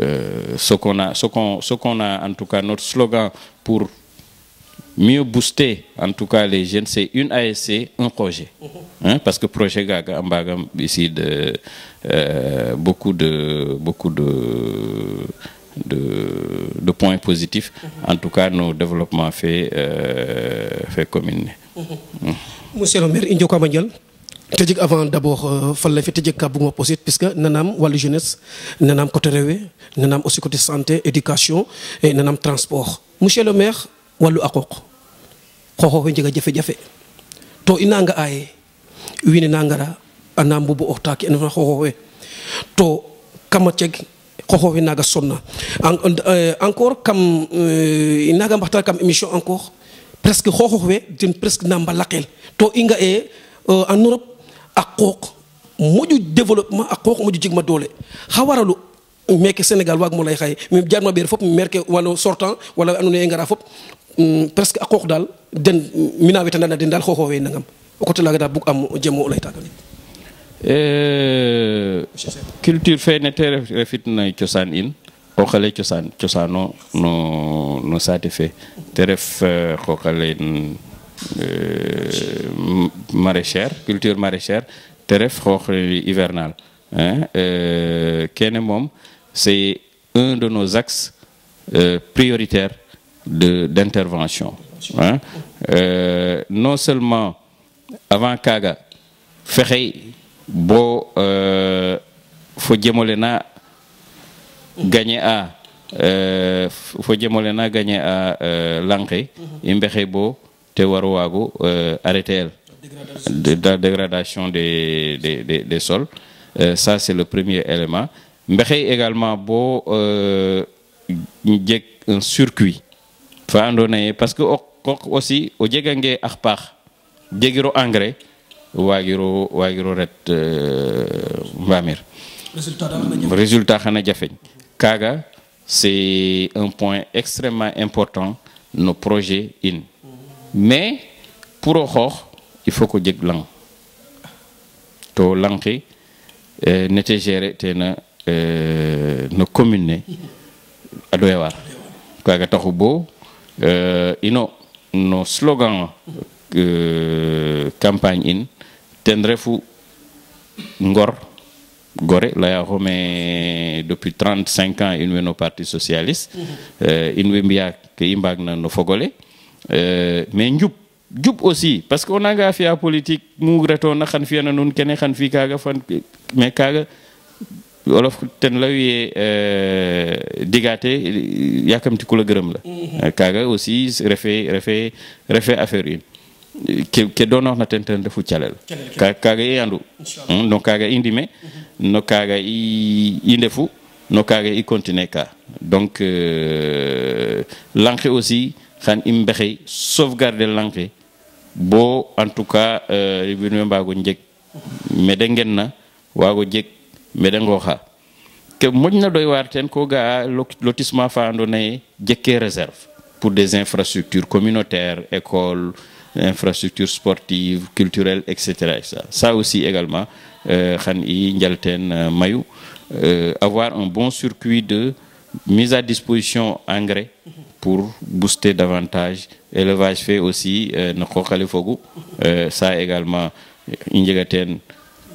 euh, ce qu'on a, en tout cas, notre slogan pour mieux booster, en tout cas, les jeunes, c'est une ASC, un projet. Hein? Parce que projet Gaga Ambagam, ici, de, euh, beaucoup de, beaucoup de, de, de, points positifs. En tout cas, nos développement faits, euh, fait commune Mm -hmm. mm. Monsieur le tëjëk avant d'abord euh, fan la fi tëjëk kàbbu nga aussi puisque nanaam wàllu jeunesse nanaam côté réwe nanaam aussi côté santé éducation et transport monsieur le maire wàllu aqooq xooxooxe njega jafe-jafe to i nanga aaye wiin na ngara a na mbubu oxtaak ando xooxooxe to kam a ceg xooxooxe naaga sonna euh, encore kam euh, i mbaxtaan kam émission encore presque xooxoox we den presque na mbalaqel to i nga'e en Europe ak xooq moƴu développement ak xooq moƴu jigma doole xa waralu sénégal waag mo lay xaye mi jarma ɓeer fop merke wala sortant wala ando naye ngara fop mm, presque a qooq daal den mina wetandana den daal xooxoowe nangam o coté laga daal bug am jem o lay taaga eh, culture fene te refit na cosaan in qooqale cosaan cosaano no saate fe te ref qooqale eh, Euh, maraîchère culture maraîchère te ref xoox hivernal euh, kene moom c'est un de nos axes euh, prioritaires de d'intervention non seulement avant kaaga fexey bo fo jëmale na gagné a fo jëmale na gagné a lanqe i mbexey bo te war a waagu euh, arrêter la dégradation des des des, des sols euh, ça c'est le premier élément mbexey également boo euh, jeg un circuit fa andoona parce que qooq aussi o jegangee ax paax jegiro engrais waagiro waagiro ret euh, mbaamir résultat xana jafeñ kaaga c'est un point extrêmement important no projet in mais pour xoox il faut ko jeg lang to lang ke eh, ne te na eh, no commune ne a doya taxu bo eh, ino no slogan campagne in ten refu ngor gore laya xome depuis 35 ans in way no parti socialiste in way mbiya ke i mbaag na no fogole Euh, mais njub jub aussi parce que onaga fiya politique mugratona xan fiyana nuun kene xan fi kaga mais kaga wolof ten law ye euh, digaate yakamti kula gërëm la mhm. euh, kaga aussi refe refe refe affaire in ke ke donoxna ten ten refu calel kaga i andu hmm, no kaga i ndime mhm. no kaga i ndefu no kaga i continuer ka donc lanqe aussi xan im mbexey sauvegarder lanke bo en tout cas wiin we mbago njeg mede ngen na wago jeg mede ngooxa ke moƴna doy waar teen ko ga'a lotissement fa andoona yee jekkee réserve pour des infrastructures communautaires écoles infrastructures sportives culturelles et cetera et cetera ça également euh, xan i njalteen euh, mayu euh, avoir bon circuit de mise à disposition engrais pour booster davantage élevage fait aussi euh, no qooqale fogu euh, ça également i njega teen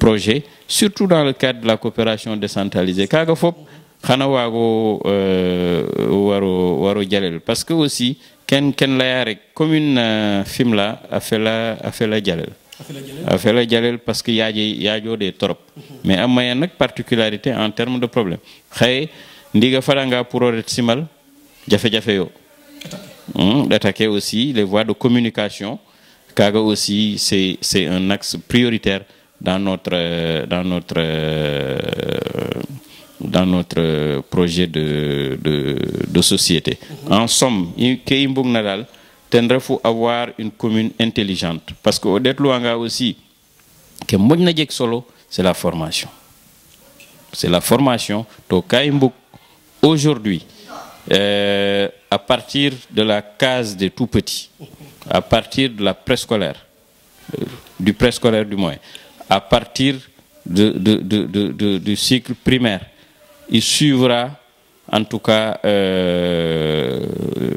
projet surtout dans le cadre de la coopération décentralisée kaaga fop xana waago euh, waro waro jalel parce que aussi ken ken laya rek commune Fimela a fela a fela jalel a fela jalel parce que yaaje yaajoode trop mhm. mais a maya nag particularité en terme de problème xaye ndiiga fadanga pour o ret simal jafe-jafe yo hmm, aussi les voies de communication kaaga aussi c'est un axe prioritaire dans notre dans notre dans notre projet de de de société en somme ke i na daal ten fu avoir une commune intelligente parce que o nga aussi ke moƴna jeg solo c'est la formation c'est la formation to ka i mbug aujourd'hui euh, à partir de la case des tout petits, à partir de la préscolaire, euh, du préscolaire du moins, à partir de, de, de, du cycle primaire, il suivra en tout cas euh,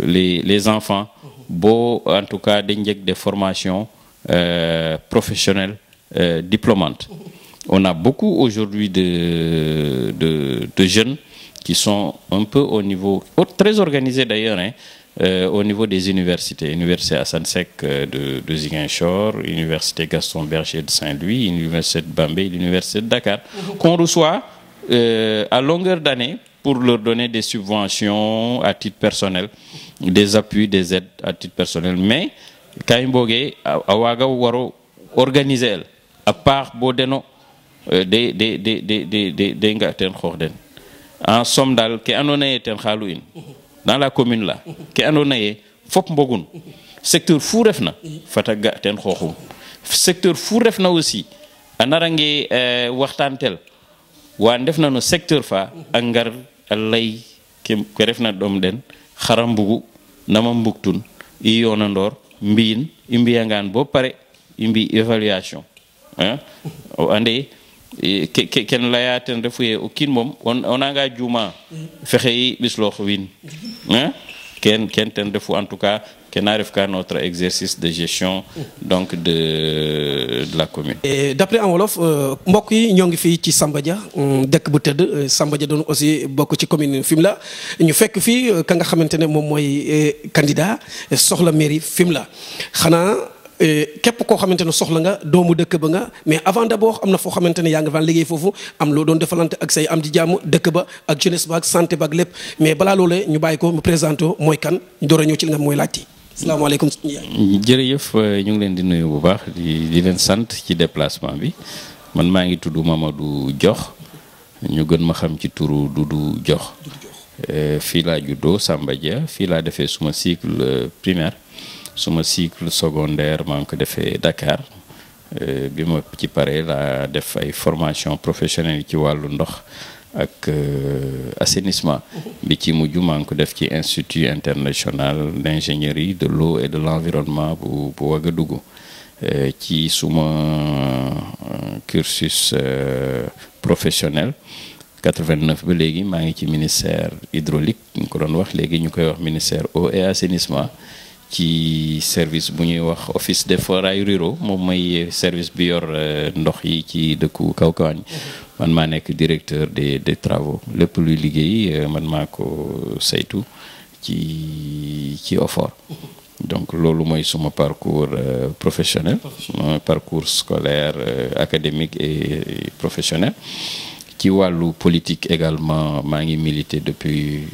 les, les enfants, beau en tout cas des, des formations euh, professionnelles euh, diplômantes. On a beaucoup aujourd'hui de, de jeunes qui sont un peu au niveau, très organisés d'ailleurs, hein, euh, au niveau des universités. Université Hassan Sek euh, de, de Ziguinchor, Université Gaston Berger de Saint-Louis, Université de Bambé, l'Université de Dakar, mmh. qu'on reçoit euh, à longueur d'année pour leur donner des subventions à titre personnel, des appuis, des aides à titre personnel. Mais Kaimboge, Awaga Waro, organisé, à part Bodeno, euh, des des des des des des en ah, somme daal ke andoona yee ten xaalu in dans la commune la ke andoona yee fop mbogun secteur fu refna fata ga ten xooxum secteur fu refna aussi a narange eh, waxtaan tel wa ndefna no secteur fa a ngar a lay ke refna ɗom den xara mbugu nama mbugtun i yoonandoor mbiyin i mbiyangaan bo pare i mbi évaluation o ande Eh, kenn ke ken layaten refu ye o kiin moom o nanga juuma fexeyi ɓisloox wiin mm-hmm. ken ken ten refu en tout cas kena ref ka notre exercice de gestion mm-hmm. donc de de la commune e d'après en wolof euh, mbokk yi ñoo ngi fii ci Samba Dia mm, dëkk bu tëdd euh, Samba doon aussi bokk ci commune la ñu fekk fii euh, ka nga xamante ne moom mooy candidat soxla mairie Fimela xanaa Euh, képp koo xamante ne soxla nga doomu dëkk ba nga mais avant d'abord am na foo xamante ne yaa nga daan liggéey foofu am loo doon defalante ak say am di jàmm dëkk ba ak jeunesse ba ak santé ba ak lépp mais balaa loolee ñu bàyyi ko mu présenté mooy kan ñu door a ñëw ci li nga mooy laajte. salaamaaleykum. jërëjëf euh, ñu ngi leen di nuyu bu baax di di leen sant ci déplacement bi man maa ngi tudd du jox ñu gën ma xam ci turu Doudou Diokh euh, fii laa juddoo Samba Dia fii laa defee suma cycle primaire. suma cycle secondaire maa ngi ko defee Dakar euh, bi ma ci paree laa def ay formation professionnelle ci wàllu ndox ak euh, assainissement bi ci mujj maa ngi ko def ci institut international d'ingénierie de l'eau et de l'environnement bu bu Ouagadougou euh, ci suma cursus professionnel 89 ba léegi maa ngi ci ministère hydraulique ñu ko doon wax léegi ñu koy wax ministère o et assainissement ci service bu ñuy wax office des forages ruraux moom may service bi yor euh, ndox yi ci dëkku kaw yi man maa nekk directeur des des travaux lépp luy liggéey euh, man maa ko saytu ci ci OFOR donc loolu mooy suma parcours euh, professionnel parcours scolaire académique et professionnel ci wàllu politique également maa ngi milité depuis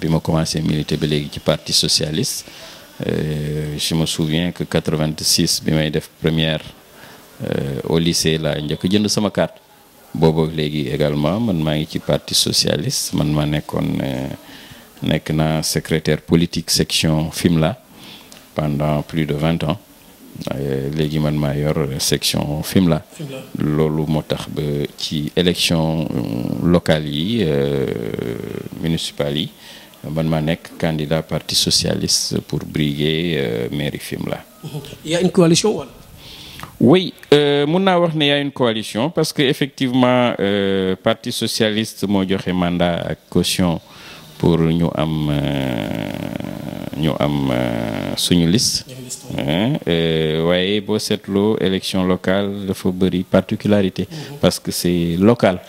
bi ma commencé milité ba léegi ci partie socialiste Euh, je me souviens que 86 bi may def première euh, au lycée la njëkk jënd sama carte boobu léegi également man maa ngi ci partie socialiste man maa nekkoon euh, nekk naa secretaire politique section FIMLA pendant plus de vingt ans léegi man maa yor section FIMLA loolu moo tax ba ci élection locale yi municipale yi man ma nekk candidat parti socialiste pour briguer euh, mairie Fimela. la y a une coalition euh, mun naa wax ne y une coalition parce que effectivement euh, parti socialiste moo joxe mandat ak caution pour ñu am euh, ñu am euh, suñu liste. waaye boo seetloo élection locale dafa bëri particularité. Mhm. parce que c'est local.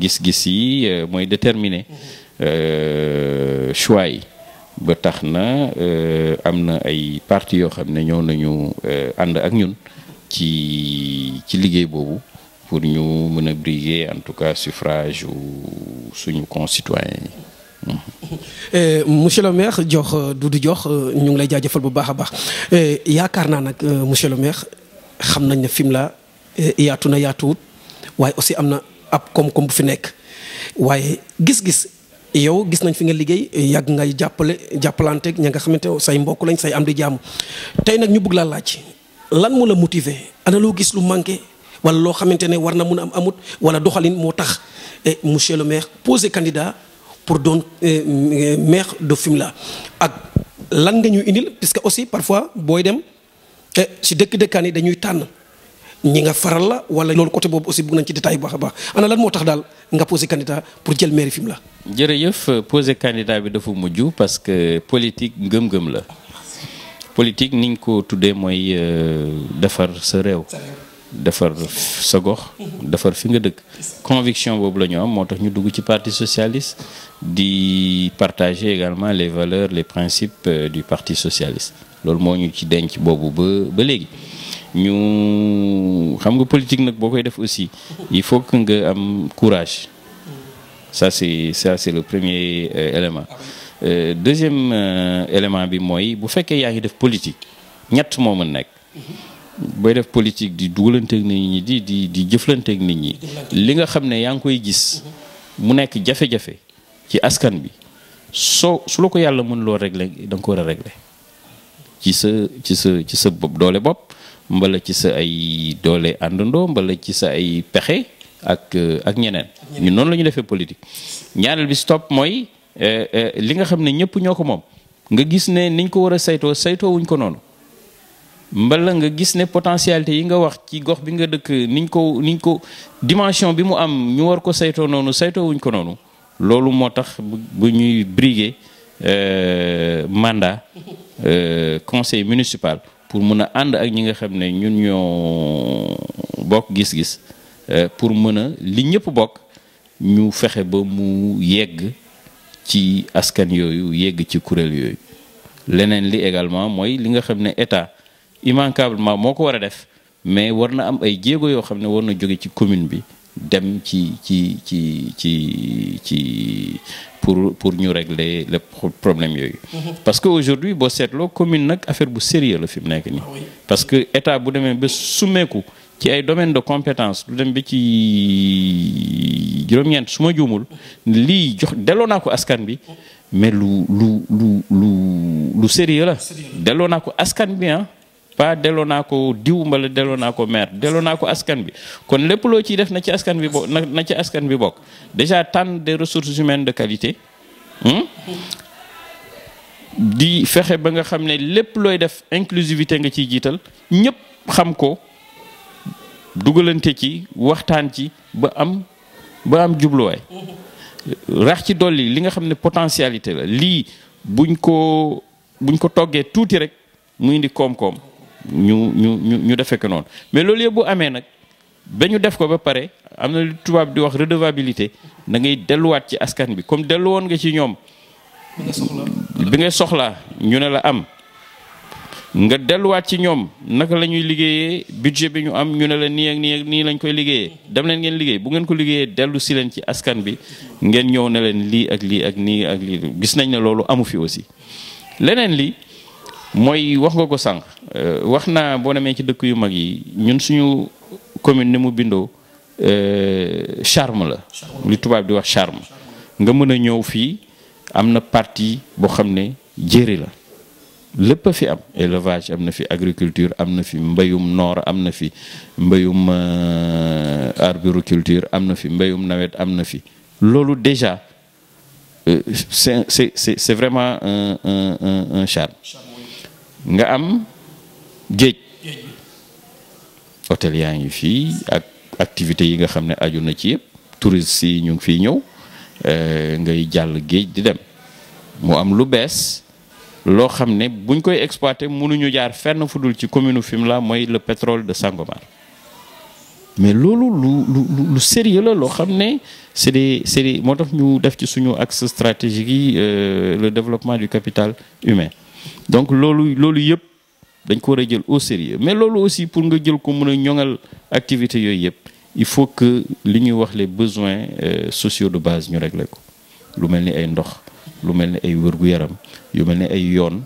gis-gis yi mooy déterminé. Mhm. Euh, choix yi ba tax na euh, am na ay parti yoo xam ne ñëw nañu euh, ànd ak ñun ci ci liggéey boobu pour ñu mën a briguer en tout cas suffrage suñu concitoyens monsieur le maire jox Doudou jox ñu ngi lay jaajëfal bu baax a baax yaakaar naa nag monsieur le maire xam nañ ne Fimela yaatu na yaatuwut waaye aussi am na ab koom-koom bu fi nekk waaye gis-gis. yow gis nañ fi nga liggéey yàgg ngay jàppale jàppalanteeg ña nga xamante say mbokk lañ say am di jàmm tey nag ñu bëgg laa laaj lan mu la motiver ana loo gis lu manqué wala loo xamante ne war na mun a am amut wala doxalin moo tax eh, monsieur le maire posé candidat pour doon eh, meex de Fimela ak lan nga ñuy indil puisque aussi parfois booy dem eh, si dëkk dëkkaan yi dañuy tànn. ñi nga faral la wala loolu côté boobu aussi bëgg nañ ci détail bu baax a baax ana lan moo tax daal nga posé candidat pour jël mairie fi mu la. jërëjëf posé candidat bi dafa mujj parce que politique ngëm-ngëm la politique niñ ko tuddee mooy euh, defar sa réew. defar sa gox. defar fi nga dëkk. conviction boobu la ñu am moo tax ñu dugg ci parti socialiste di partager également les valeurs les principes euh, du parti socialiste loolu moo ñu ci denc boobu ba ba léegi. ñu xam nga politique nag boo koy def aussi il faut que nga am courage ça c'est ça le premier euh, élément ah euh, deuxième euh, élément bi mooy bu fekkee yaa ngi def politique ñett moo mën nekk booy def politique di dugalanteeg nit ñi di di di jëflanteeg nit ñi li nga xam ne yaa ngi koy gis mhm. mu nekk jafe-jafe ci askan bi soo su la ko yàlla mën loo régler da nga ko war a régler ci sa ci sa ci sa bopp doole bopp mbala ci sa ay doole àndandoo mbala ci sa ay pexe ak euh, ak ñeneen. noonu la defee politique. ñaareel bi stop mooy euh, euh, li nga xam ne ñëpp ñoo ko moom nga gis ne niñ ko war a saytoo saytoo wuñ ko noonu. mbala nga gis ne potentialité yi nga wax ci gox bi nga dëkk niñ ko niñ ko dimension bi mu am ñu war ko saytoo noonu saytoo wuñ ko noonu loolu moo tax bu ñuy briguer mandat conseil municipal pour mën a ànd ak ñi nga xam ne ñun ñoo bokk gis-gis euh, pour mën a li ñëpp bokk ñu fexe ba mu yegg ci askan yooyu yegg ci kuréel yooyu leneen li également mooy li nga xam ne état immanquablement moo ko war a def mais war na am ay jéego yoo xam ne war na jóge ci commune bi dem ci ci ci ci ci pour pour ñu régler le problème yooyu. Mhm. parce que aujourd'hui boo seetloo commune nag affaire bu sérieux la fi mu nekk nii. Ah parce que état bu demee ba summeku ci ay domaine de compétence lu dem ba ci juróom-ñeent su ma juumul lii jox delloo naa ko askan bi mais lu lu lu sérieux la. delloo naa ko askan bi ah. pas delloo naa ko diw mbala delloo naa ko maire delloo naa ko askan bi kon lépp loo ciy def na ci askan bi bo na ci askan bi bokk déjà tànn des ressources humaines de qualité hmm? di fexe ba nga xam ne lépp looy def inclusivité nga ciy jiital ñëpp xam ko dugalante ci waxtaan ci ba am ba am jubluwaay rax ci dolli li nga xam ne potentialité la lii buñ ko buñ ko toggee tuuti rek mu indi koom-koom ñu ñu ñu ñu defee ko noonu mais loolu yëpp bu amee nag ba ñu def ko ba pare am na lu tubaab di wax redevabilité da ngay delluwaat ci askan bi comme dellu woon nga ci ñoom. bi nga soxlaa ñu ne la am. nga delluwaat ci ñoom naka la ñuy liggéeyee budget bi ñu am ñu ne la nii ak nii nii lañ koy liggéeyee dem leen ngeen liggéey bu ngeen ko liggéeyee dellu si leen ci askan bi ngeen ñëw ne leen lii ak lii ak nii ak lii gis nañ ne loolu amu fi aussi leneen li mooy wax nga ko sànq euh, wax naa boo demee ci dëkk yu mag yi ñun suñu commune ni mu bindoo euh, charme la li tubaab di wax charme nga mën a ñëw fii am na partie boo xam ne jéeri la lépp a fi am élevage am na fi agriculture am na fi mbayum noor am na fi mbéyum euh, arboriculture am na fi mbayum nawet am na fi loolu déjà c'est c'est c'est vraiment un un un un charme nga am géej hôtel yaa ngi fii ak activités yi nga xam ne aju na ci yëpp touristes yi ñu ngi fi ñëw eh, ngay jàll géej di dem mu am lu bees loo xam ne buñ koy exploité mënuñu jaar fenn fu dul ci commune Fimela mooy le pétrole de Sangomar mais loolu lu lu lu sérieux la loo xam ne c'est des c'est moo tax ñu def ci suñu axe stratégique yi euh, le développement du capital humain donc loolu loolu yëpp dañ ko war a jël au sérieux mais loolu aussi pour nga jël ko mën a ñoŋal activité yooyu yëpp il faut que li ñuy wax les besoins euh, sociaux de base ñu régler ko lu mel ni ay ndox lu mel ni ay wér-gu-yaram yu mel ni ay yoon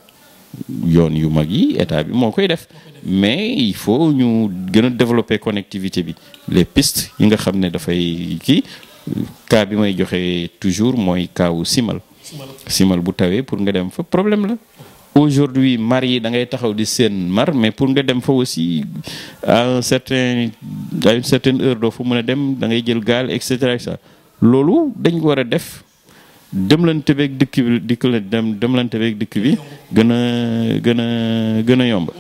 yoon yu mag yi état bi moo koy def mais il faut ñu gën a développer connectivité bi les pistes yi nga xam ne dafay kii cas bi may joxe toujours mooy cas wu simal simal bu tawee pour nga dem fa problème la aujourd'hui mar yi da ngay taxaw di seen mar mais pour nga dem fa aussi à un certain à une certaine heure doo fa mën a dem dangay jël gaal et cetera et loolu dañ ko war a def demlante beeg dëkk bi dikk la dem demlante beeg dëkk bi gën a gën a gën a yomb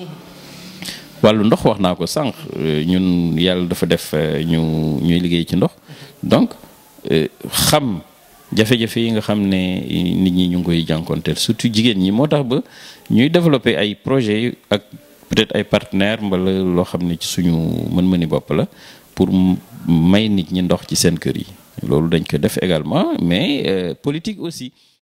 wàllu ndox wax naa ko sànq euh, ñun yàlla dafa def euh, ñu ñuy liggéey ci ndox donc euh, xam. jafe-jafe yi nga xam ne nit ñi ñu ngi koy jànkonteel surtout jigéen ñi moo tax ba ñuy développer ay projets ak peut-être ay partenaires mbala loo xam ne ci suñu mën-mëni bopp la pour may nit ñi ndox ci seen kër yi loolu dañ ko def également mais euh, politique aussi